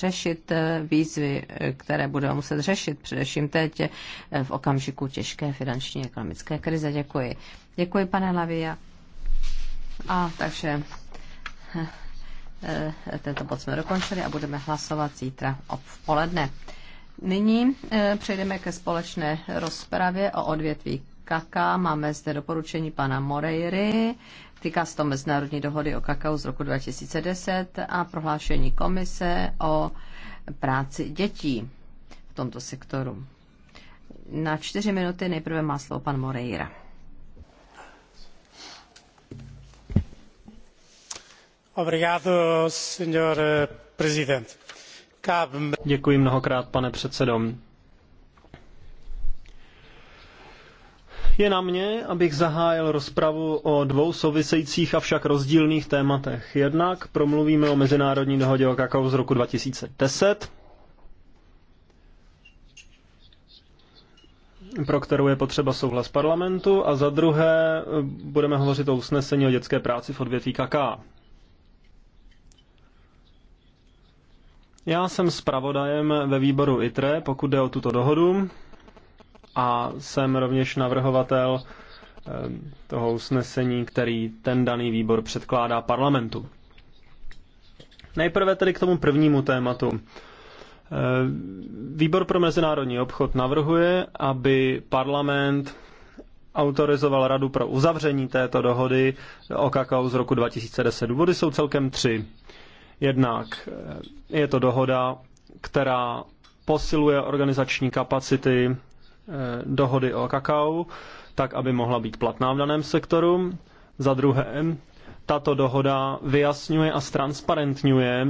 řešit eh, výzvy, eh, které budeme muset řešit, především teď eh, v okamžiku těžké finanční ekonomické krize. Děkuji. Děkuji, pane Lavia. A takže tento bod jsme dokončili a budeme hlasovat zítra v poledne. Nyní přejdeme ke společné rozpravě o odvětví kaká. Máme zde doporučení pana Moreiry týká se to Mezinárodní dohody o kakao z roku 2010 a prohlášení komise o práci dětí v tomto sektoru. Na čtyři minuty nejprve má slovo pan Moreira. Děkuji mnohokrát, pane předsedo Je na mě, abych zahájil rozpravu o dvou souvisejících však rozdílných tématech. Jednak promluvíme o mezinárodní dohodě o kakao z roku 2010, pro kterou je potřeba souhlas parlamentu, a za druhé eh, budeme hovořit o usnesení o dětské práci v odvětví kaká. Já jsem zpravodajem ve výboru ITRE, pokud jde o tuto dohodu, a jsem rovněž navrhovatel eh, toho usnesení, který ten daný výbor předkládá parlamentu. Nejprve tedy k tomu prvnímu tématu. Eh, výbor pro mezinárodní obchod navrhuje, aby parlament autorizoval radu pro uzavření této dohody o kakao z roku 2010. Důvody jsou celkem tři. Jednak eh, je to dohoda, která posiluje organizační kapacity Eh, dohody o kakao, tak aby mohla být platná v daném sektoru. Za druhé, tato dohoda vyjasňuje a ztransparentňuje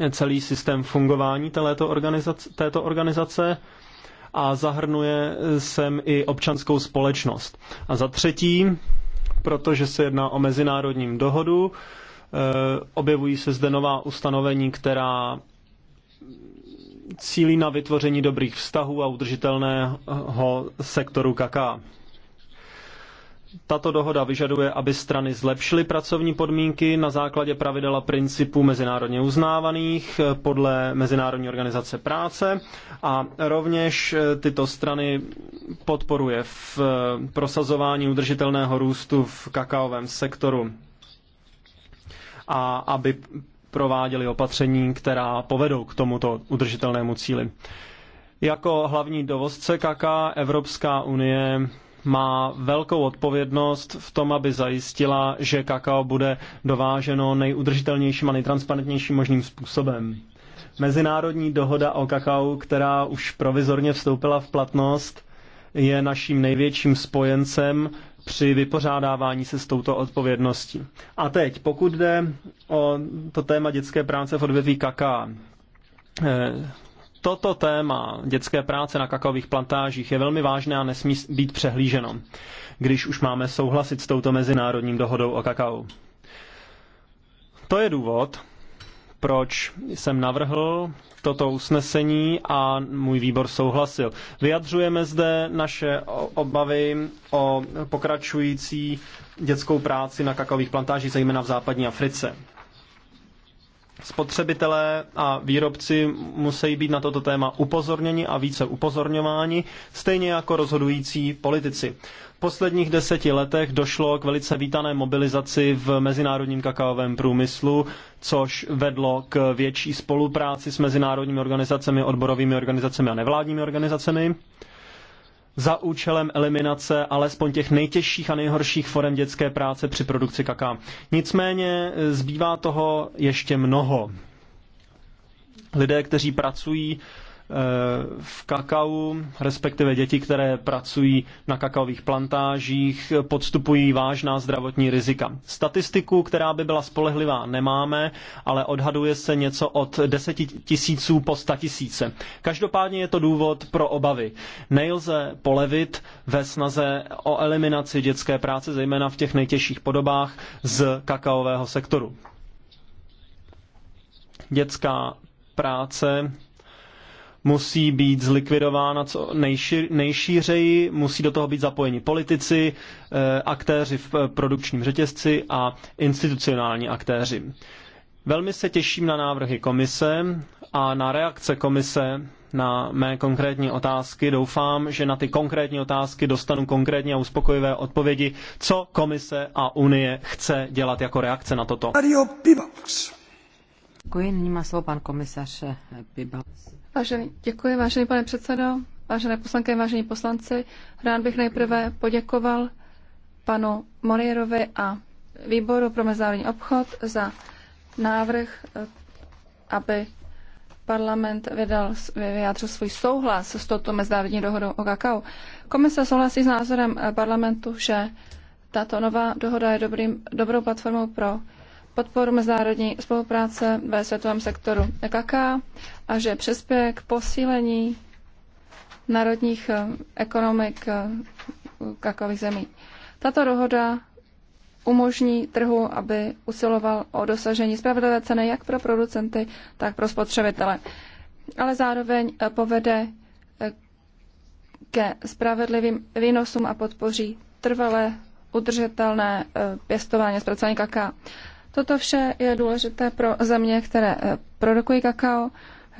eh, celý systém fungování této organizace, této organizace a zahrnuje sem i občanskou společnost. A za třetí, protože se jedná o mezinárodním dohodu, eh, objevují se zde nová ustanovení, která cílí na vytvoření dobrých vztahů a udržitelného sektoru kaká. Tato dohoda vyžaduje, aby strany zlepšily pracovní podmínky na základě pravidel a principů mezinárodně uznávaných podle Mezinárodní organizace práce a rovněž tyto strany podporuje v prosazování udržitelného růstu v kakaovém sektoru a aby prováděli opatření, která povedou k tomuto udržitelnému cíli. Jako hlavní dovozce kaká Evropská unie má velkou odpovědnost v tom, aby zajistila, že kakao bude dováženo nejudržitelnějším a nejtransparentnějším možným způsobem. Mezinárodní dohoda o kakao, která už provizorně vstoupila v platnost, je naším největším spojencem při vypořádávání se s touto odpovědností. A teď, pokud jde o to téma dětské práce v odvětví kaká, eh, toto téma dětské práce na kakaových plantážích je velmi vážné a nesmí být přehlíženo, když už máme souhlasit s touto mezinárodním dohodou o kakao. To je důvod, proč jsem navrhl toto usnesení a můj výbor souhlasil. Vyjadřujeme zde naše obavy o pokračující dětskou práci na kakaových plantážích, zejména v západní Africe. Spotřebitelé a výrobci musí být na toto téma upozorněni a více upozorňováni, stejně jako rozhodující politici. V posledních deseti letech došlo k velice vítané mobilizaci v mezinárodním kakaovém průmyslu, což vedlo k větší spolupráci s mezinárodními organizacemi, odborovými organizacemi a nevládními organizacemi za účelem eliminace alespoň těch nejtěžších a nejhorších forem dětské práce při produkci kaká. Nicméně e, zbývá toho ještě mnoho. Lidé, kteří pracují v kakao, respektive děti, které pracují na kakaových plantážích, podstupují vážná zdravotní rizika. Statistiku, která by byla spolehlivá, nemáme, ale odhaduje se něco od 10 tisíců po 100 tisíce. Každopádně je to důvod pro obavy. Nejlze polevit ve snaze o eliminaci dětské práce, zejména v těch nejtěžších podobách, z kakaového sektoru. Dětská práce musí být zlikvidována co nejšir, nejšířeji, musí do toho být zapojeni politici, eh, aktéři v eh, produkčním řetězci a institucionální aktéři. Velmi se těším na návrhy komise a na reakce komise na mé konkrétní otázky. Doufám, že na ty konkrétní otázky dostanu konkrétní a uspokojivé odpovědi, co komise a Unie chce dělat jako reakce na toto. Děkuji, nyní má slovo pan komisař Pibals. Vážený, děkuji, vážený pane předsedo, vážené poslanky, vážení poslanci. Rád bych nejprve poděkoval panu Morierovi a výboru pro mezinárodní obchod za návrh, eh, aby parlament vydal, vyjádřil svůj souhlas s touto mezinárodní dohodou o kakao. Komise souhlasí s názorem eh, parlamentu, že tato nová dohoda je dobrým, dobrou platformou pro podporu mezinárodní spolupráce ve světovém sektoru EKK a že přispěje k posílení národních eh, ekonomik eh, kakových zemí. Tato dohoda umožní trhu, aby usiloval o dosažení spravedlivé ceny jak pro producenty, tak pro spotřebitele. Ale zároveň eh, povede ke spravedlivým výnosům a podpoří trvalé udržitelné pěstování zpracování kaká. Toto vše je důležité pro země, které eh, produkují kakao,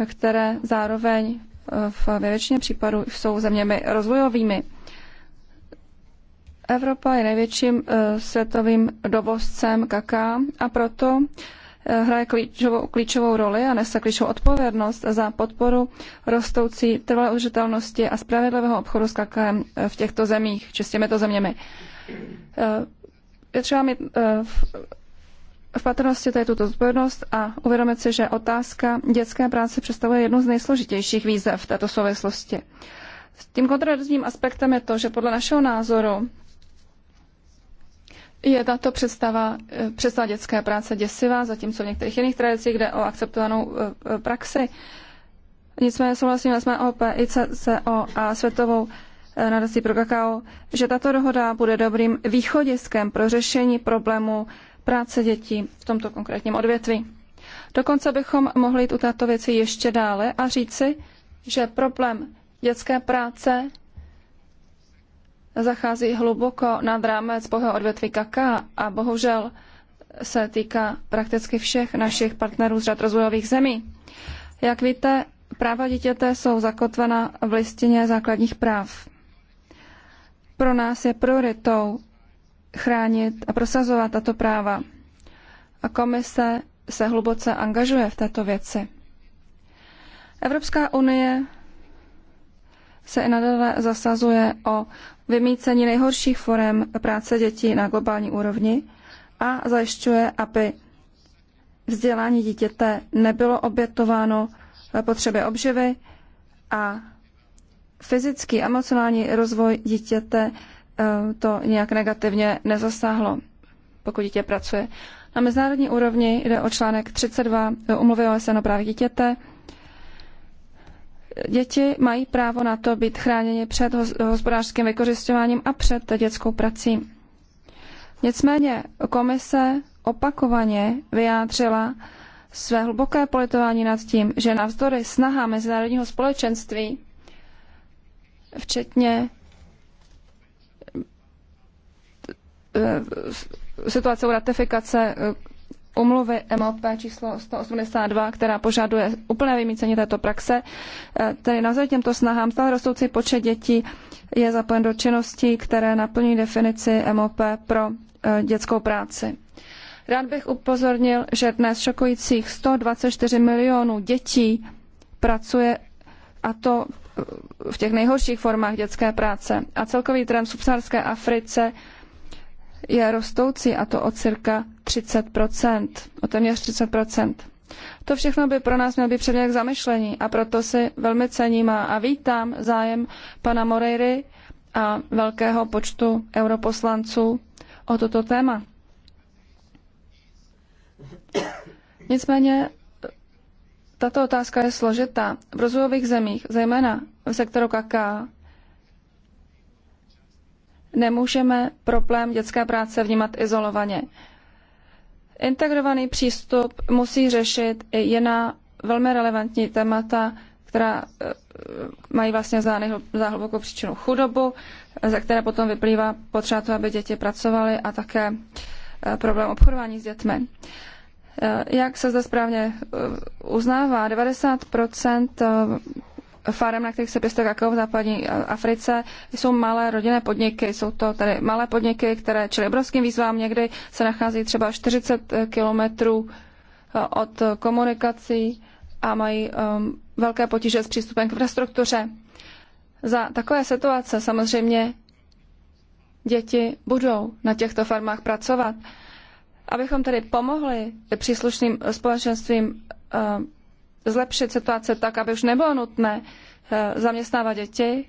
které zároveň eh, v většině případů jsou zeměmi rozvojovými. Evropa je největším eh, světovým dovozcem kaká a proto hraje klíčovou, klíčovou roli a nese klíčovou odpovědnost za podporu rostoucí trvalé udržitelnosti a spravedlivého obchodu s kakem v těchto zemích, či s těmito zeměmi. Je třeba mít v patrnosti tady tuto zodpovědnost a uvědomit si, že otázka dětské práce představuje jednu z nejsložitějších výzev v této souvislosti. S tím kontroverzním aspektem je to, že podle našeho názoru je tato představa, eh, představa dětské práce děsivá, zatímco v některých jiných tradicích jde o akceptovanou eh, eh, praxi. Nicméně souhlasím s MOP, ICCO a Světovou nadací pro kakao, že tato dohoda bude dobrým východiskem pro řešení problému práce dětí v tomto konkrétním odvětví. Dokonce bychom mohli jít u této věci ještě dále a říci, že problém dětské práce zachází hluboko nad rámec boho odvětví kaká a bohužel se týká prakticky všech našich partnerů z řad rozvojových zemí. Jak víte, práva dítěte jsou zakotvena v listině základních práv. Pro nás je prioritou chránit a prosazovat tato práva. A komise se hluboce angažuje v této věci. Evropská unie se i nadále zasazuje o vymícení nejhorších forem práce dětí na globální úrovni a zajišťuje, aby vzdělání dítěte nebylo obětováno potřebě obživy a fyzický a emocionální rozvoj dítěte Eh, to nějak negativně nezasáhlo, pokud dítě pracuje. Na mezinárodní úrovni jde o článek 32 umluvy OSN o právě dítěte. Děti mají právo na to být chráněni před hospodářským vykořišťováním a před dětskou prací. Nicméně komise opakovaně vyjádřila své hluboké politování nad tím, že navzdory snaha mezinárodního společenství, včetně Eh, situace u ratifikace eh, umluvy MOP číslo 182, která požaduje úplné vymícení této praxe. Eh, tedy navzdory těmto snahám stále rostoucí počet dětí je zapojen do činností, které naplní definici MOP pro dětskou práci. Rád bych upozornil, že dnes šokujících 124 milionů dětí pracuje a to v těch nejhorších formách dětské práce. A celkový trend v subsaharské Africe je rostoucí a to o cirka 30%, o téměř 30%. To všechno by pro nás měl být předmět k zamyšlení a proto si velmi cením a vítám zájem pana Moreiry a velkého počtu europoslanců o toto téma. Nicméně tato otázka je složitá. V rozvojových zemích, zejména v sektoru kaká, Nemůžeme problém dětské práce vnímat izolovaně. Integrovaný přístup musí řešit i jiná velmi relevantní témata, která eh, mají vlastně za, hlubokou příčinu chudobu, ze které potom vyplývá potřeba to, aby děti pracovaly a také eh, problém obchodování s dětmi. Eh, jak se zde správně uznává, 90 farem, na kterých se pěstuje kakao v západní Africe, jsou malé rodinné podniky. Jsou to tady malé podniky, které čili obrovským výzvám. Někdy se nachází třeba 40 kilometrů eh, od komunikací a mají um, velké potíže s přístupem k infrastruktuře. Za takové situace samozřejmě děti budou na těchto farmách pracovat. Abychom tedy pomohli příslušným společenstvím um, zlepšit situaci tak, aby už nebylo nutné eh, zaměstnávat děti,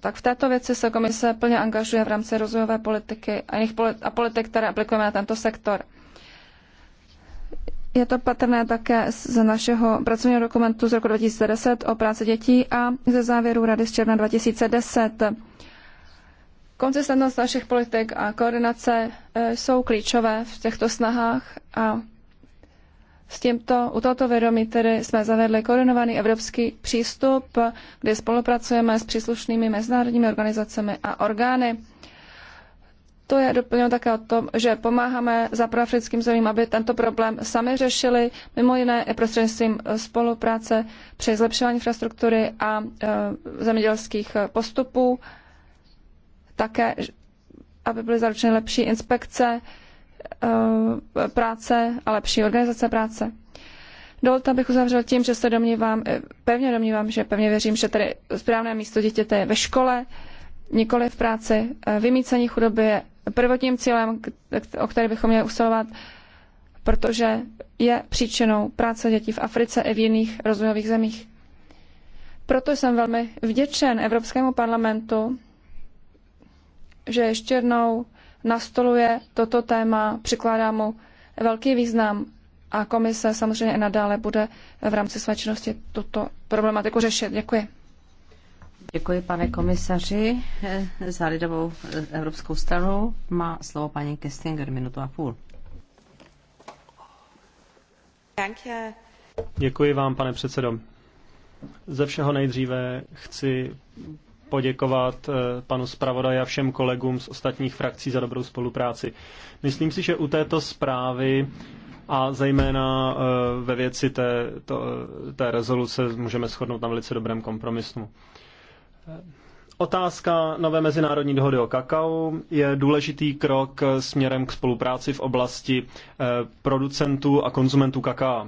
tak v této věci se komise plně angažuje v rámci rozvojové politiky a, jiných politi- a politik, které aplikujeme na tento sektor. Je to patrné také z našeho pracovního dokumentu z roku 2010 o práci dětí a ze závěru Rady z června 2010. Konzistentnost našich politik a koordinace eh, jsou klíčové v těchto snahách a s tímto, u tohoto vědomí tedy jsme zavedli koordinovaný evropský přístup, kde spolupracujeme s příslušnými mezinárodními organizacemi a orgány. To je doplněno také o tom, že pomáháme zaproafrickým zemím, aby tento problém sami řešili, mimo jiné i prostřednictvím e, spolupráce při zlepšování infrastruktury a e, zemědělských postupů, také aby byly zaručeny lepší inspekce Eh, práce a lepší organizace práce. Dovolte, abych uzavřel tím, že se domnívám, eh, pevně domnívám, že pevně věřím, že tady správné místo dítěte je ve škole, nikoli v práci. Eh, vymícení chudoby je prvotním cílem, o který bychom měli usilovat, protože je příčinou práce dětí v Africe i v jiných rozvojových zemích. Proto jsem velmi vděčen Evropskému parlamentu, že ještě jednou nastoluje toto téma, přikládá mu velký význam a komise samozřejmě i nadále bude v rámci své činnosti tuto problematiku řešit. Děkuji. Děkuji, pane komisaři. Eh, za lidovou eh, evropskou stranu má slovo paní Kestinger, minutu a půl. Děkuji vám, pane předsedo. Ze všeho nejdříve chci poděkovat eh, panu zpravodaji a všem kolegům z ostatních frakcí za dobrou spolupráci. Myslím si, že u této zprávy a zejména eh, ve věci té, to, eh, té rezoluce můžeme shodnout na velice dobrém kompromisu. Otázka nové mezinárodní dohody o kakao je důležitý krok směrem k spolupráci v oblasti producentů a konzumentů kakao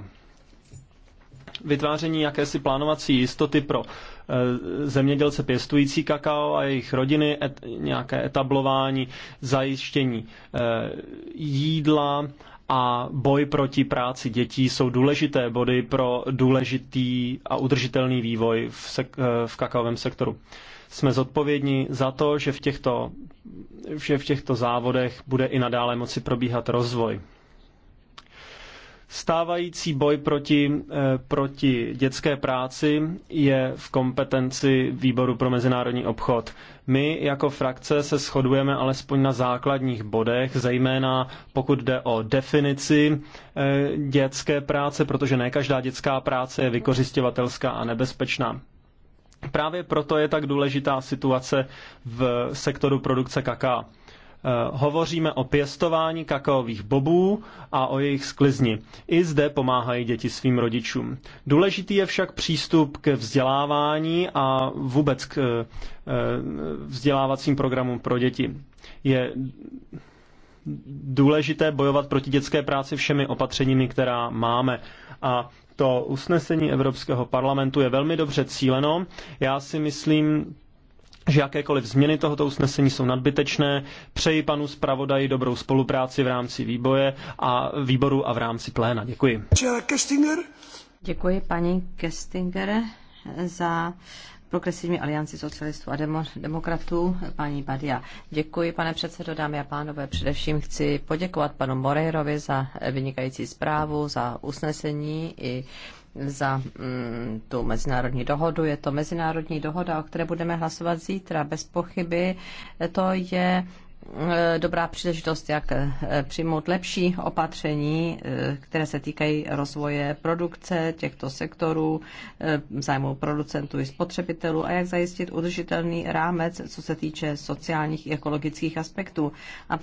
vytváření jakési plánovací jistoty pro eh, zemědělce pěstující kakao a jejich rodiny, et, nějaké etablování, zajištění eh, jídla a boj proti práci dětí jsou důležité body pro důležitý a udržitelný vývoj v, sek- eh, v kakaovém sektoru. Jsme zodpovědní za to, že v těchto, že v těchto závodech bude i nadále moci probíhat rozvoj. Stávající boj proti, eh, proti dětské práci je v kompetenci Výboru pro mezinárodní obchod. My jako frakce se shodujeme alespoň na základních bodech, zejména pokud jde o definici eh, dětské práce, protože ne každá dětská práce je vykořistěvatelská a nebezpečná. Právě proto je tak důležitá situace v sektoru produkce kaká. Eh, hovoříme o pěstování kakaových bobů a o jejich sklizni. I zde pomáhají děti svým rodičům. Důležitý je však přístup k vzdělávání a vůbec k eh, eh, vzdělávacím programům pro děti. Je důležité bojovat proti dětské práci všemi opatřeními, která máme. A to usnesení Evropského parlamentu je velmi dobře cíleno. Já si myslím, že jakékoliv změny tohoto usnesení jsou nadbytečné. Přeji panu zpravodaji dobrou spolupráci v rámci výboje a výboru a v rámci pléna. Děkuji. Děkuji paní Kestinger za Progresivní alianci socialistů a demo, demokratů, paní Badia. Děkuji, pane předsedo, dámy a pánové. Především chci poděkovat panu Moreirovi za vynikající zprávu, za usnesení i za mm, tu mezinárodní dohodu. Je to mezinárodní dohoda, o které budeme hlasovat zítra. Bez pochyby to je e, dobrá příležitost, jak e, přijmout lepší opatření, e, které se týkají rozvoje produkce těchto sektorů, zájmu producentů i spotřebitelů a jak zajistit udržitelný rámec, co se týče sociálních i ekologických aspektů. A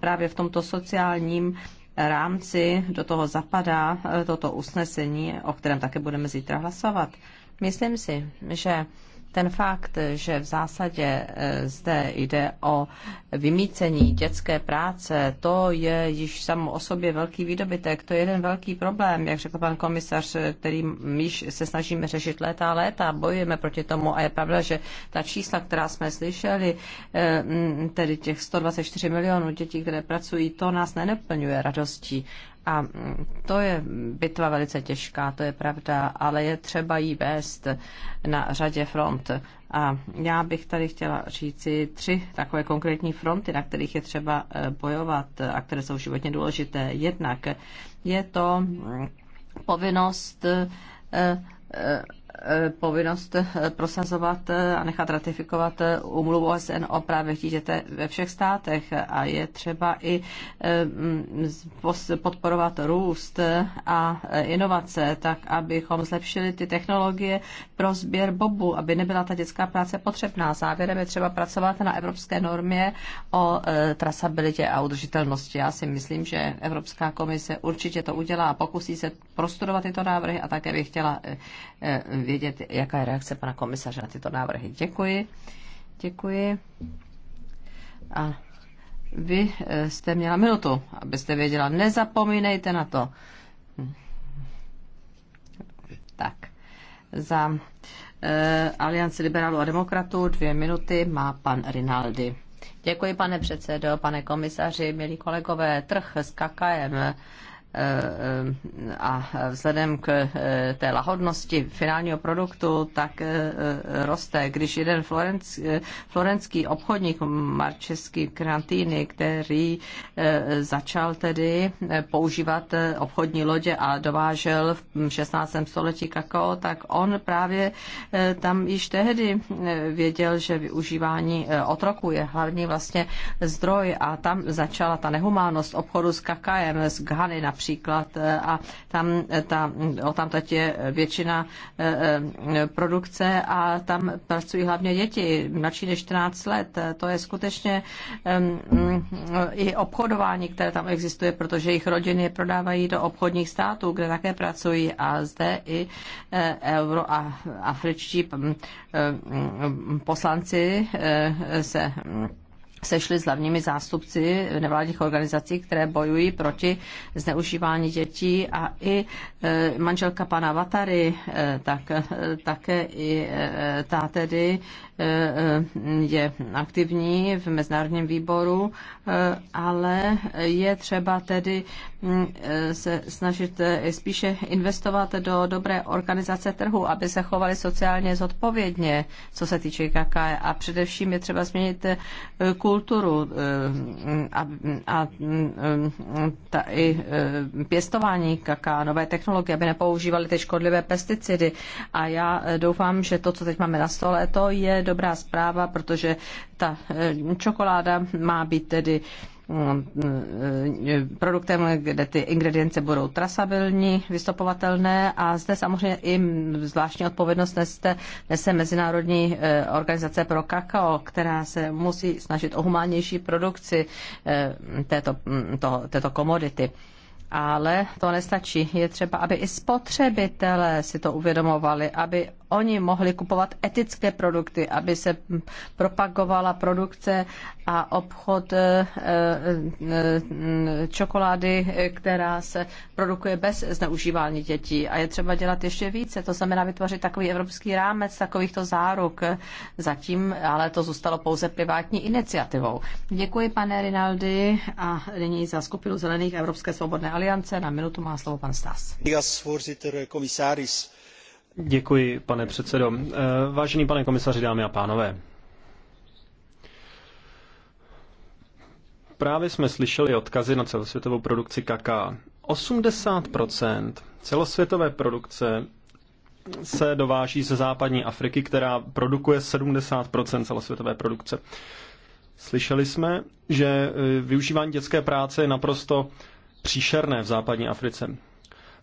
právě v tomto sociálním rámci do toho zapadá eh, toto usnesení, o kterém také budeme zítra hlasovat. Myslím si, že ten fakt, že v zásadě eh, zde jde o vymícení dětské práce, to je již samo o sobě velký výdobytek, to je jeden velký problém, jak řekl pan komisař, který mm, již se snažíme řešit léta a léta, bojujeme proti tomu a je pravda, že ta čísla, která jsme slyšeli, eh, mm, tedy těch 124 milionů dětí, které pracují, to nás nenaplňuje radostí. A to je bitva velice těžká, to je pravda, ale je třeba jí vést na řadě front. A já bych tady chtěla říci tři takové konkrétní fronty, na kterých je třeba eh, bojovat a které jsou životně důležité. Jednak je to povinnost eh, eh, povinnost eh, prosazovat eh, a nechat ratifikovat umluvu eh, OSN o právech dítěte ve všech státech a je třeba i podporovat růst a inovace, tak abychom zlepšili ty technologie pro sběr bobu, aby nebyla ta dětská práce potřebná. Závěrem je třeba pracovat na evropské normě o trasabilitě a udržitelnosti. Já si myslím, že Evropská komise určitě to udělá a pokusí se prostudovat tyto návrhy a také bych chtěla vědět, jaká je reakce pana komisaře na tyto návrhy. Děkuji. Děkuji. A vy eh, jste měla minutu, abyste věděla. Nezapomínejte na to. Tak. Za eh, Alianci liberálů a demokratů dvě minuty má pan Rinaldi. Děkuji, pane předsedo, pane komisaři, milí kolegové. Trh s Eh, a vzhledem k eh, té lahodnosti finálního produktu, tak eh, eh, roste. Když jeden florenský obchodník Marčeský Krantýny, který začal tedy používat obchodní lodě a dovážel v 16. století kakao, tak on právě tam již tehdy věděl, že využívání otroku je hlavní vlastně zdroj a tam začala ta nehumánost obchodu s kakaem, z Ghany například například eh, a tam, eh, ta, o tam teď je většina eh, produkce a tam pracují hlavně děti, mladší než 14 let. To je skutečně mm, i obchodování, které tam existuje, protože jejich rodiny prodávají do obchodních států, kde také pracují a zde i euro a afričtí mm, mm, poslanci se sešli s hlavními zástupci nevládních organizací, které bojují proti zneužívání dětí a i e, manželka pana Vatary, e, tak e, také i ta tedy Eh, eh, je aktivní v Mezinárodním výboru, eh, ale je třeba tedy mm, se snažit spíše investovat do dobré organizace trhu, aby se chovali sociálně zodpovědně, co se týče KK. A především je třeba změnit kulturu a, a mm, a i pěstování KK, nové technologie, aby nepoužívali ty škodlivé pesticidy. A já doufám, že to, co teď máme na stole, to je do dobrá zpráva, protože ta eh, čokoláda má být tedy mm, eh, produktem, kde ty ingredience budou trasabilní, vystopovatelné a zde samozřejmě i zvláštní odpovědnost nese, nese Mezinárodní eh, organizace pro kakao, která se musí snažit o humánnější produkci této, mm, to, této komodity. Ale to nestačí. Je třeba, aby i spotřebitelé si to uvědomovali, aby oni mohli kupovat etické produkty, aby se propagovala produkce a obchod eh, eh, čokolády, která se produkuje bez zneužívání dětí. A je třeba dělat ještě více, to znamená vytvořit takový evropský rámec takovýchto záruk. Zatím ale to zůstalo pouze privátní iniciativou. Děkuji, pane Rinaldi, a nyní za skupinu Zelených Evropské svobodné aliance. Na minutu má slovo pan Stas. Děkuji, Děkuji, pane předsedo. Eh, vážený pane komisaři, dámy a pánové. Právě jsme slyšeli odkazy na celosvětovou produkci kaká. 80 celosvětové produkce se dováží ze západní Afriky, která produkuje 70 celosvětové produkce. Slyšeli jsme, že eh, využívání dětské práce je naprosto příšerné v západní Africe.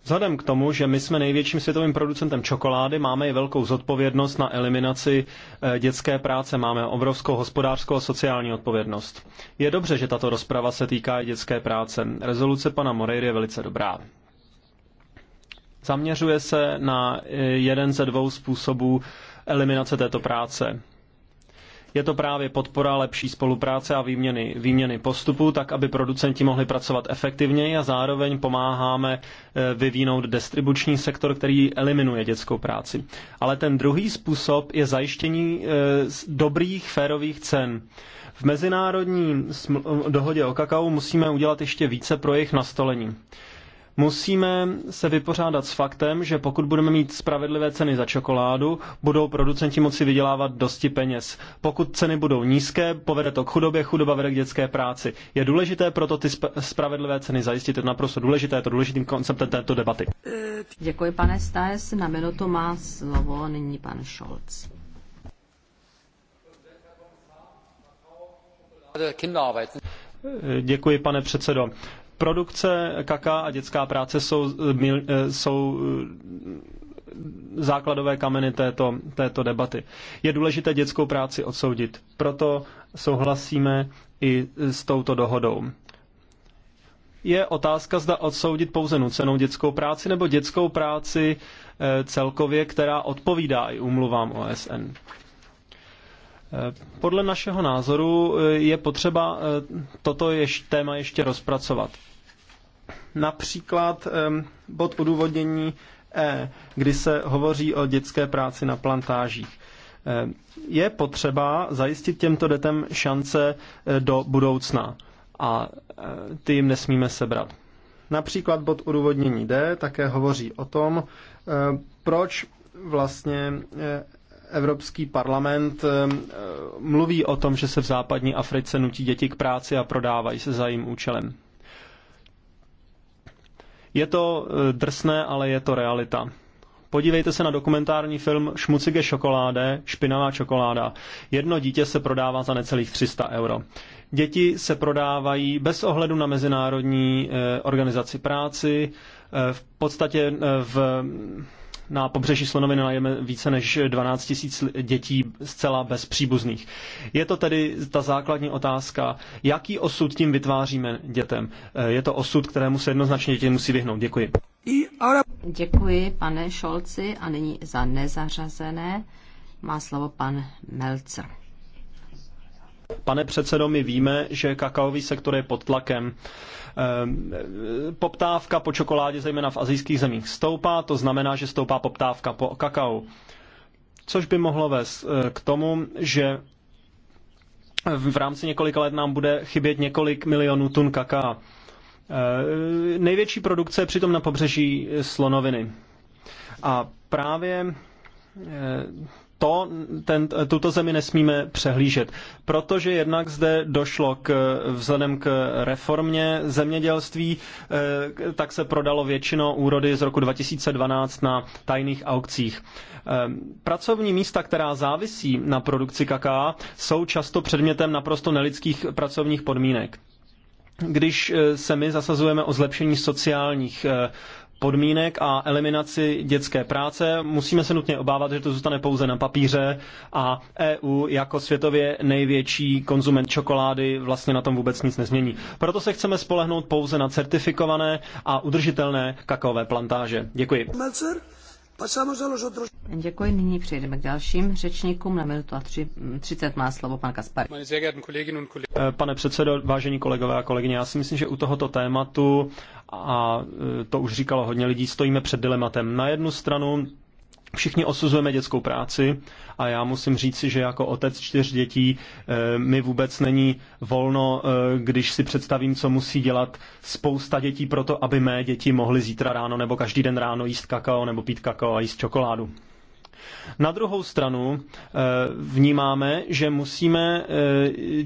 Vzhledem k tomu, že my jsme největším světovým producentem čokolády, máme i velkou zodpovědnost na eliminaci eh, dětské práce, máme obrovskou hospodářskou a sociální odpovědnost. Je dobře, že tato rozprava se týká i dětské práce. Rezoluce pana Moreira je velice dobrá. Zaměřuje se na eh, jeden ze dvou způsobů eliminace této práce je to právě podpora lepší spolupráce a výměny, výměny postupů, tak aby producenti mohli pracovat efektivněji a zároveň pomáháme eh, vyvinout distribuční sektor, který eliminuje dětskou práci. Ale ten druhý způsob je zajištění eh, dobrých, férových cen. V mezinárodní dohodě o kakao musíme udělat ještě více pro jejich nastolení. Musíme se vypořádat s faktem, že pokud budeme mít spravedlivé ceny za čokoládu, budou producenti moci vydělávat dosti peněz. Pokud ceny budou nízké, povede to k chudobě, chudoba vede k dětské práci. Je důležité proto ty spravedlivé ceny zajistit, je to naprosto důležité, je to důležitým konceptem této debaty. Děkuji, pane Stajes. Na minutu má slovo nyní pan Scholz. Děkuji, pane předsedo. Produkce kaká a dětská práce jsou, eh, jsou eh, základové kameny této, této debaty. Je důležité dětskou práci odsoudit. Proto souhlasíme i s touto dohodou. Je otázka, zda odsoudit pouze nucenou dětskou práci nebo dětskou práci eh, celkově, která odpovídá i úmluvám OSN. Podle našeho názoru je potřeba toto ješ, téma ještě rozpracovat. Například bod odůvodnění E, kdy se hovoří o dětské práci na plantážích. Je potřeba zajistit těmto dětem šance e, do budoucna a e, ty jim nesmíme sebrat. Například bod odůvodnění D také hovoří o tom, proč vlastně e, Evropský parlament mluví o tom, že se v západní Africe nutí děti k práci a prodávají se za jím účelem. Je to eh, drsné, ale je to realita. Podívejte se na dokumentární film Šmucige šokoláde, špinavá čokoláda. Jedno dítě se prodává za necelých 300 euro. Děti se prodávají bez ohledu na mezinárodní eh, organizaci práci, eh, v podstatě v na pobřeží Slonoviny najeme více než 12 000 dětí zcela bez příbuzných. Je to tedy ta základní otázka, jaký osud tím vytváříme dětem. Eh, je to osud, kterému se jednoznačně děti musí vyhnout. Děkuji. Děkuji, pane Šolci, a nyní za nezařazené má slovo pan Melcer. Pane předsedo, my víme, že kakaový sektor je pod tlakem. Ehm, poptávka po čokoládě, zejména v azijských zemích, stoupá, to znamená, že stoupá poptávka po kakao. Což by mohlo vést eh, k tomu, že v rámci několika let nám bude chybět několik milionů tun kaká. Ehm, největší produkce je přitom na pobřeží slonoviny. A právě eh, to, ten, tuto zemi nesmíme přehlížet, protože jednak zde došlo k, vzhledem k reformě zemědělství, eh, tak se prodalo většino úrody z roku 2012 na tajných aukcích. Eh, pracovní místa, která závisí na produkci kaká, jsou často předmětem naprosto nelidských pracovních podmínek když eh, se my zasazujeme o zlepšení sociálních podmínek a eliminaci dětské práce. Musíme se nutně obávat, že to zůstane pouze na papíře a EU jako světově největší konzument čokolády vlastně na tom vůbec nic nezmění. Proto se chceme spolehnout pouze na certifikované a udržitelné kakaové plantáže. Děkuji. Děkuji, nyní přejdeme k dalším řečníkům. Na minutu a tři, 30 má slovo pan Kaspar. Pane předsedo, vážení kolegové a kolegyně, já si myslím, že u tohoto tématu a e, to už říkalo hodně lidí, stojíme před dilematem. Na jednu stranu Všichni osuzujeme dětskou práci a já musím říct si, že jako otec čtyř dětí e, mi vůbec není volno, e, když si představím, co musí dělat spousta dětí pro to, aby mé děti mohly zítra ráno nebo každý den ráno jíst kakao nebo pít kakao a jíst čokoládu. Na druhou stranu eh, vnímáme, že musíme eh,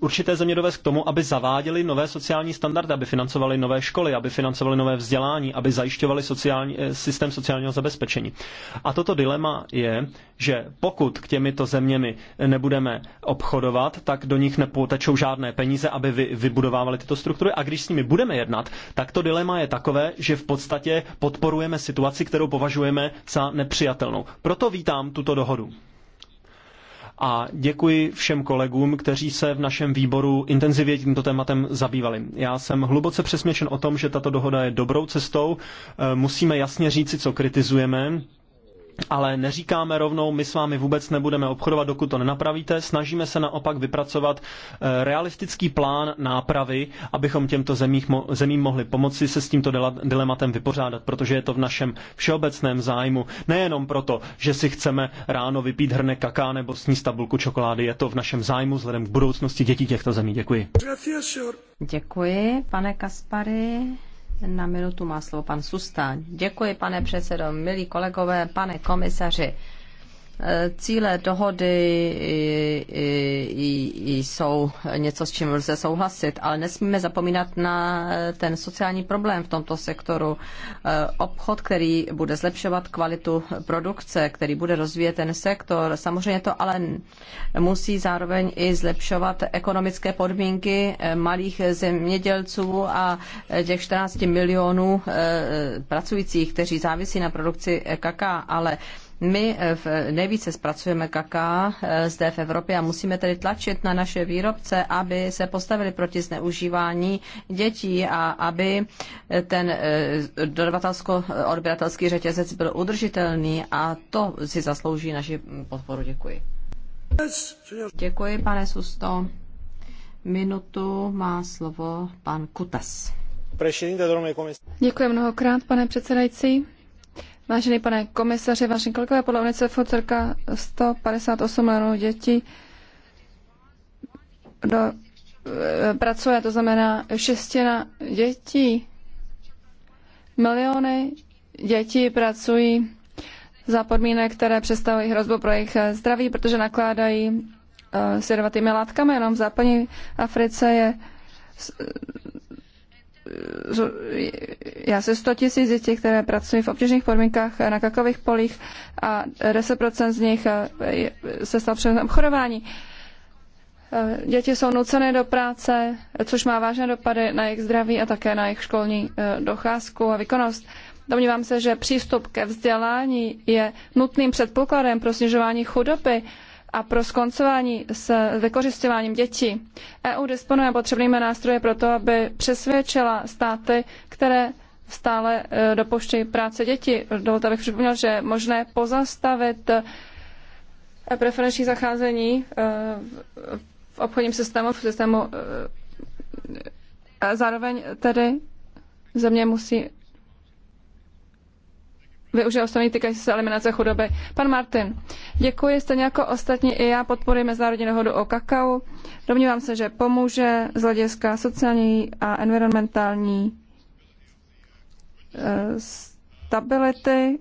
určité země dovést k tomu, aby zaváděly nové sociální standardy, aby financovaly nové školy, aby financovaly nové vzdělání, aby zajišťovaly sociální, eh, systém sociálního zabezpečení. A toto dilema je, že pokud k těmito zeměmi nebudeme obchodovat, tak do nich nepotečou žádné peníze, aby vy, vybudovávali tyto struktury. A když s nimi budeme jednat, tak to dilema je takové, že v podstatě podporujeme situaci, kterou považujeme za nepřijatelnou. Proto proto vítám tuto dohodu. A děkuji všem kolegům, kteří se v našem výboru intenzivně tímto tématem zabývali. Já jsem hluboce přesvědčen o tom, že tato dohoda je dobrou cestou. E, musíme jasně říci, co kritizujeme ale neříkáme rovnou, my s vámi vůbec nebudeme obchodovat, dokud to nenapravíte. Snažíme se naopak vypracovat eh, realistický plán nápravy, abychom těmto zemích, zemím mohli pomoci se s tímto dilematem vypořádat, protože je to v našem všeobecném zájmu. Nejenom proto, že si chceme ráno vypít hrnek kaká nebo sníst tabulku čokolády, je to v našem zájmu vzhledem k budoucnosti dětí těchto zemí. Děkuji. Děkuji, pane Kaspary. Na minutu má slovo pan Sustáň. Děkuji, pane předsedo, milí kolegové, pane komisaři. Eh, cíle dohody jsou něco, s čím lze souhlasit, ale nesmíme zapomínat na eh, ten sociální problém v tomto sektoru. Eh, obchod, který bude zlepšovat kvalitu produkce, který bude rozvíjet ten sektor, samozřejmě to ale musí zároveň i zlepšovat ekonomické podmínky malých zemědělců a těch 14 milionů pracujících, kteří závisí na produkci kaká, ale my eh, eh, nejvíce zpracujeme kaká eh, zde v Evropě a musíme tedy tlačit na naše výrobce, aby se postavili proti zneužívání dětí a aby ten dodavatelsko-odběratelský řetězec byl udržitelný a to si zaslouží naši podporu. Děkuji. Děkuji, pane Susto. Minutu má slovo pan Kutas. Děkuji mnohokrát, pane předsedající. Vážený pane komisaři, vážení kolegové, podle UNICEFu cirka 158 milionů dětí do, e, pracuje, to znamená šestina dětí. Miliony dětí pracují za podmínek, které představují hrozbu pro jejich e, zdraví, protože nakládají e, s jedovatými látkami. Jenom v západní Africe je Eh, já se 100 tisíc dětí, které pracují v obtížných podmínkách na kakových polích a 10% z nich eh, se stalo předmětem obchodování. Eh, děti jsou nucené do práce, což má vážné dopady na jejich zdraví a také na jejich školní docházku a výkonnost. Domnívám se, že přístup ke vzdělání je nutným předpokladem pro snižování chudoby a pro skoncování s vykořišťováním dětí. EU disponuje potřebnými nástroje pro to, aby přesvědčila státy, které stále e, dopouštějí práce dětí. Dovolte, abych připomněl, že je možné pozastavit e, preferenční zacházení e, v obchodním systému, v systému a zároveň tedy země musí využil ostatní týkající se eliminace chudoby. Pan Martin, děkuji, stejně jako ostatní i já podporuji Mezinárodní dohodu o kakao. Domnívám se, že pomůže z hlediska sociální a environmentální eh, stability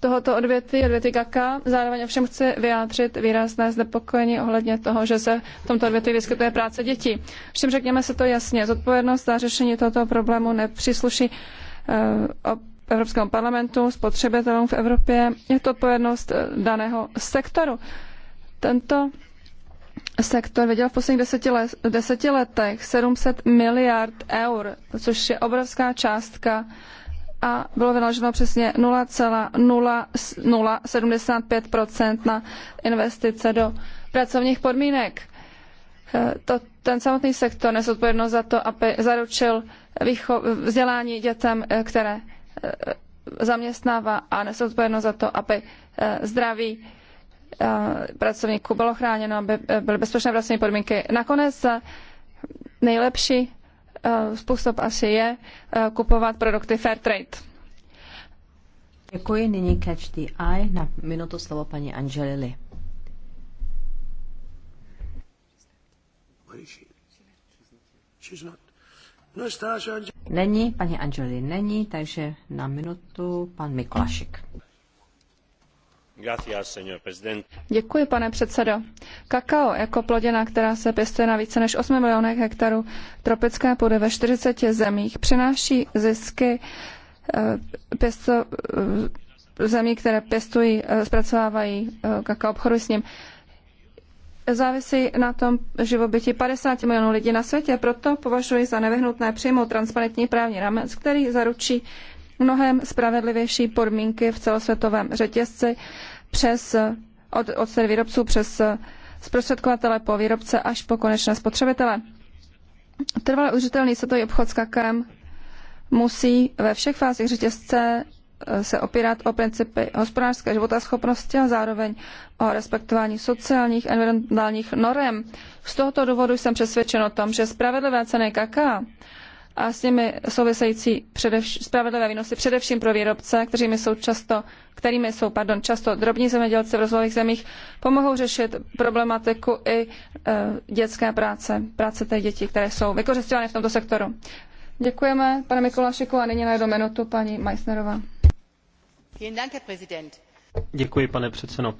tohoto odvětví, odvětví kaka. Zároveň ovšem chci vyjádřit výrazné znepokojení ohledně toho, že se v tomto odvětví vyskytuje práce dětí. Všem řekněme se to jasně. Zodpovědnost za řešení tohoto problému nepřísluší eh, Evropskému parlamentu, spotřebitelům v Evropě. Je to odpovědnost eh, daného sektoru. Tento sektor viděl v posledních deseti, let, deseti letech 700 miliard eur, což je obrovská částka a bylo vynaloženo přesně 0,0075 na investice do pracovních podmínek. Eh, to, ten samotný sektor nesodpovědnost za to, aby zaručil výchov, vzdělání dětem, eh, které zaměstnává a nese odpovědnost za to, aby eh, zdraví eh, pracovníků bylo chráněno, aby eh, byly bezpečné pracovní podmínky. Nakonec nejlepší způsob asi je kupovat produkty fair trade. Děkuji. Nyní catch the eye. Na minutu slovo paní Angelili. She's not. No, není, paní Angeli není, takže na minutu pan Mikolašik. Děkuji, pane předsedo. Kakao jako plodina, která se pěstuje na více než 8 milionech hektarů tropické půdy ve 40 zemích, přináší zisky eh, pěsto, eh, zemí, které pěstují, eh, zpracovávají kakao, obchodují s ním závisí na tom živobytí 50 milionů lidí na světě, proto považuji za nevyhnutné přijmout transparentní právní rámec, který zaručí mnohem spravedlivější podmínky v celosvětovém řetězci přes od, od výrobců přes zprostředkovatele po výrobce až po konečné spotřebitele. Trvalý udržitelný světový obchod s kakem musí ve všech fázích řetězce se opírat o principy hospodářské životaschopnosti a zároveň o respektování sociálních a environmentálních norem. Z tohoto důvodu jsem přesvědčen o tom, že spravedlivé ceny kaká a s nimi související předevš- spravedlivé výnosy především pro výrobce, kterými jsou často, kterými jsou pardon, často drobní zemědělci v rozvojových zemích, pomohou řešit problematiku i e, dětské práce, práce těch dětí, které jsou vykořišťovány v tomto sektoru. Děkujeme, pane Mikulášiku, a nyní na jednu minutu paní Meissnerová. Děkuji, pane předsedající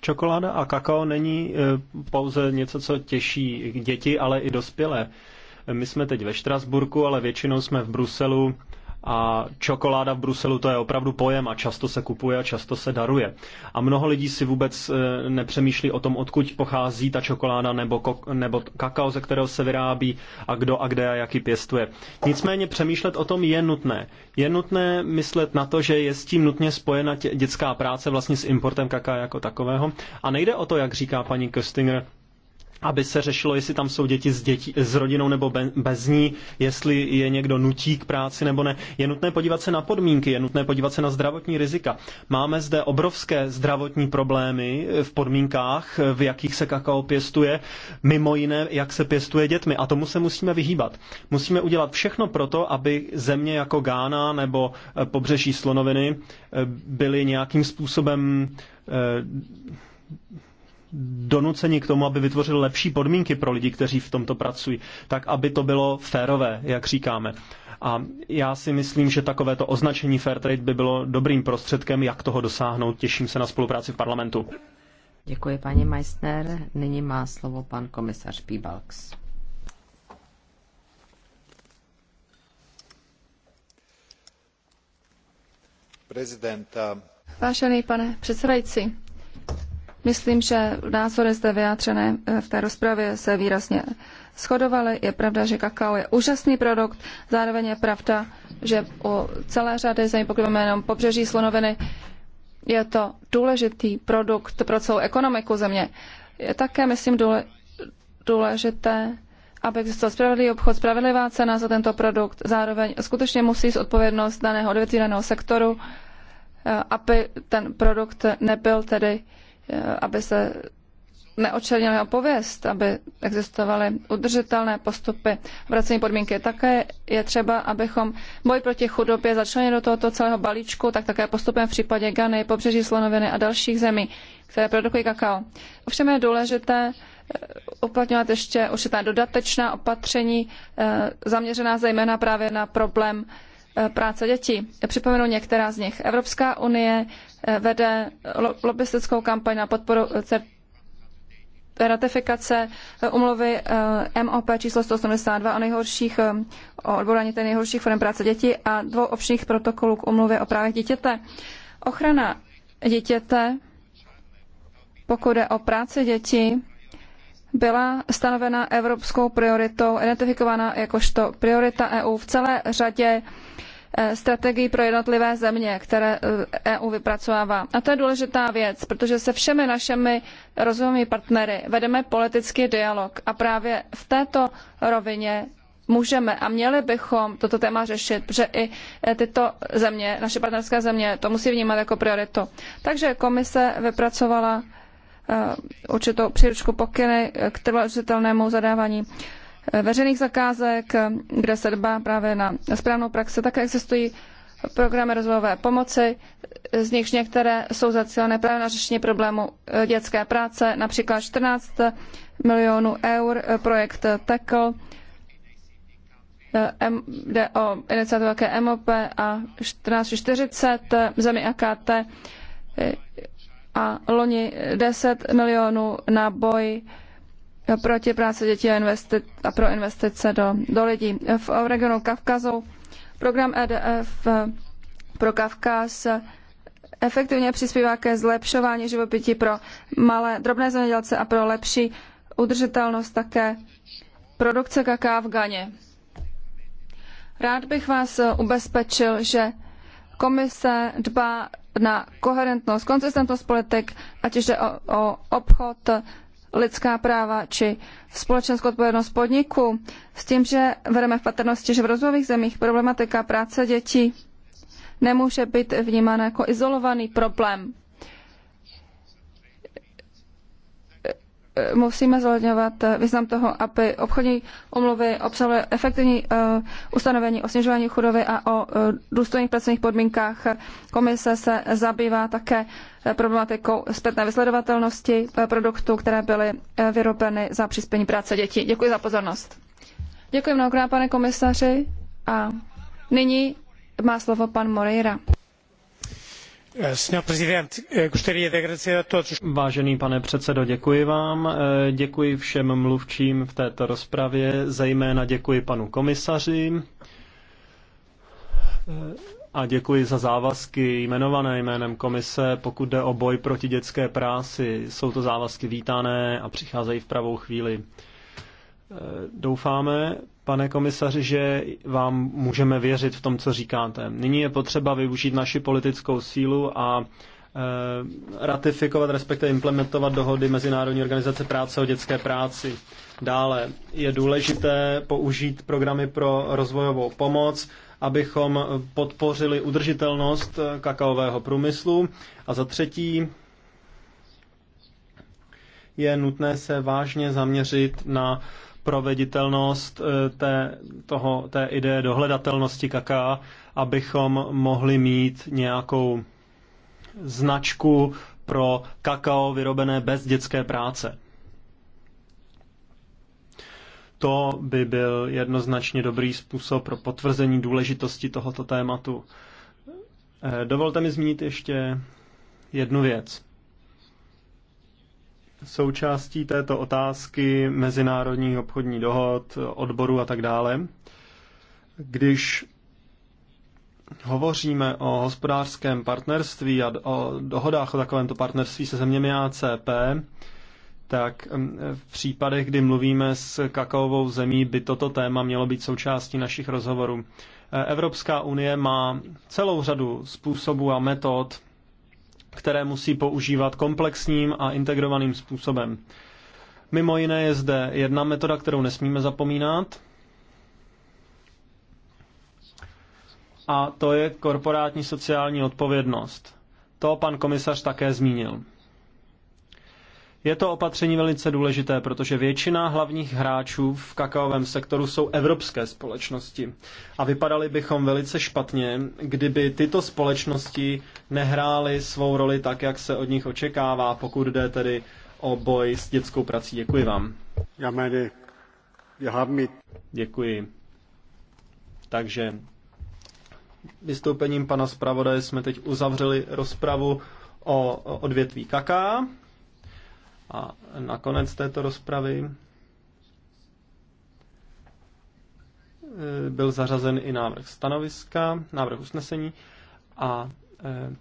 Čokoláda a kakao není e, pouze něco, co těší děti, ale i dospělé. My jsme teď ve Štrasburku, ale většinou jsme v Bruselu a čokoláda v Bruselu to je opravdu pojem a často se kupuje a často se daruje. A mnoho lidí si vůbec e, nepřemýšlí o tom, odkud pochází ta čokoláda nebo, kok- nebo kakao, ze kterého se vyrábí a kdo a kde a jaký pěstuje. Nicméně přemýšlet o tom je nutné. Je nutné myslet na to, že je s tím nutně spojena dětská práce vlastně s importem kaká jako takového. A nejde o to, jak říká paní Köstinger, aby se řešilo, jestli tam jsou děti s, dětí, s rodinou nebo bez ní, jestli je někdo nutí k práci nebo ne. Je nutné podívat se na podmínky, je nutné podívat se na zdravotní rizika. Máme zde obrovské zdravotní problémy v podmínkách, v jakých se kakao pěstuje, mimo jiné, jak se pěstuje dětmi. A tomu se musíme vyhýbat. Musíme udělat všechno proto, aby země jako Gána nebo eh, pobřeží slonoviny eh, byly nějakým způsobem eh, donuceni k tomu, aby vytvořili lepší podmínky pro lidi, kteří v tomto pracují, tak aby to bylo férové, jak říkáme. A já si myslím, že takovéto označení trade by bylo dobrým prostředkem, jak toho dosáhnout. Těším se na spolupráci v parlamentu. Děkuji, paní Meissner. Nyní má slovo pan komisař Píbalks. Vážený pane předsedající, Myslím, že názory zde vyjádřené eh, v té rozpravě se výrazně shodovaly. Je pravda, že kakao je úžasný produkt, zároveň je pravda, že u celé řady zemí, pokud máme jenom pobřeží slonoviny, je to důležitý produkt pro celou ekonomiku země. Je také, myslím, důležité, aby existoval spravedlivý obchod, spravedlivá cena za tento produkt. Zároveň skutečně musí z odpovědnost daného odvětví, daného sektoru, eh, aby ten produkt nebyl tedy aby se neočernila jeho pověst, aby existovaly udržitelné postupy vracení podmínky. Také je třeba, abychom boj proti chudobě začlenili do tohoto celého balíčku, tak také postupem v případě Gany, pobřeží Slonoviny a dalších zemí, které produkují kakao. Ovšem je důležité eh, uplatňovat ještě určitá dodatečná opatření, eh, zaměřená zejména právě na problém eh, práce dětí. Připomenu některá z nich. Evropská unie Eh, vede lobbystickou kampaň na podporu eh, ratifikace eh, umluvy MOP číslo 182 o nejhorších, o odborání té nejhorších forem práce dětí a dvou občních protokolů k umluvě o právech dítěte. Ochrana dítěte, pokud je o práci dětí, byla stanovena evropskou prioritou, identifikována jakožto priorita EU v celé řadě Eh, strategii pro jednotlivé země, které EU eh, e vypracovává. A to je důležitá věc, protože se všemi našimi rozvojovými partnery vedeme politický dialog a právě v této rovině můžeme a měli bychom toto téma řešit, protože i eh, tyto země, naše partnerské země, to musí vnímat jako prioritu. Takže komise vypracovala určitou příručku pokyny k trvale zadávání Eh, veřejných zakázek, eh, kde se dbá právě na správnou praxi. Také existují programy rozvojové pomoci, eh, z nichž některé jsou zacílené právě na řešení problému dětské práce, například 14 milionů eur projekt TECL, jde o iniciativu jaké MOP a 1440 zemi AKT a loni 10 milionů na boj proti práci dětí a, investi- a pro investice do, do lidí. V regionu Kavkazu program EDF eh, pro Kavkaz eh, efektivně přispívá ke zlepšování živobytí pro malé drobné zemědělce a pro lepší udržitelnost také produkce kaká v Ghaně. Rád bych vás eh, ubezpečil, že komise dbá na koherentnost, konzistentnost politik, ať jde o, o obchod, lidská práva či společenskou odpovědnost podniku, s tím, že vedeme v patrnosti, že v rozvojových zemích problematika práce dětí nemůže být vnímána jako izolovaný problém. Eh, musíme zohledňovat eh, význam toho, aby obchodní umluvy obsahovaly efektivní eh, ustanovení o snižování chudoby a o důstojných pracovních podmínkách. Komise se zabývá také problematikou zpětné vysledovatelnosti produktů, které byly vyrobeny za přispění práce dětí. Děkuji za pozornost. Děkuji mnohokrát, pane komisaři. A nyní má slovo pan Moreira. Eh, eh, Vážený pane předsedo, děkuji vám. Eh, děkuji všem mluvčím v této rozpravě, zejména děkuji panu komisaři a děkuji za závazky jmenované jménem komise, pokud jde o boj proti dětské práci. Jsou to závazky vítané a přicházejí v pravou chvíli. Doufáme, pane komisaři, že vám můžeme věřit v tom, co říkáte. Nyní je potřeba využít naši politickou sílu a e, ratifikovat, respektive implementovat dohody Mezinárodní organizace práce o dětské práci. Dále je důležité použít programy pro rozvojovou pomoc, abychom podpořili udržitelnost kakaového průmyslu. A za třetí je nutné se vážně zaměřit na proveditelnost eh, té, toho, té ideje dohledatelnosti kaká, abychom mohli mít nějakou značku pro kakao vyrobené bez dětské práce. To by byl jednoznačně dobrý způsob pro potvrzení důležitosti tohoto tématu. Eh, dovolte mi zmínit ještě jednu věc součástí této otázky mezinárodních obchodní dohod, odboru a tak dále. Když hovoříme o hospodářském partnerství a o dohodách o takovémto partnerství se zeměmi ACP, tak v případech, kdy mluvíme s kakaovou zemí, by toto téma mělo být součástí našich rozhovorů. E, Evropská unie má celou řadu způsobů a metod, které musí používat komplexním a integrovaným způsobem. Mimo jiné je zde jedna metoda, kterou nesmíme zapomínat, a to je korporátní sociální odpovědnost. To pan komisař také zmínil. Je to opatření velice důležité, protože většina hlavních hráčů v kakaovém sektoru jsou evropské společnosti. A vypadali bychom velice špatně, kdyby tyto společnosti nehrály svou roli tak, jak se od nich očekává, pokud jde tedy o boj s dětskou prací. Děkuji vám. Já Děkuji. Takže vystoupením pana zpravodaje jsme teď uzavřeli rozpravu o odvětví kaká. A nakonec této rozpravy eh, byl zařazen i návrh stanoviska, návrh usnesení a eh,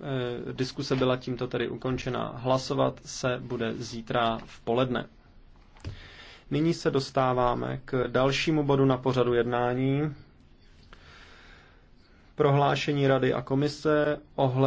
eh, diskuse byla tímto tedy ukončena. Hlasovat se bude zítra v poledne. Nyní se dostáváme k dalšímu bodu na pořadu jednání. Prohlášení Rady a komise ohledně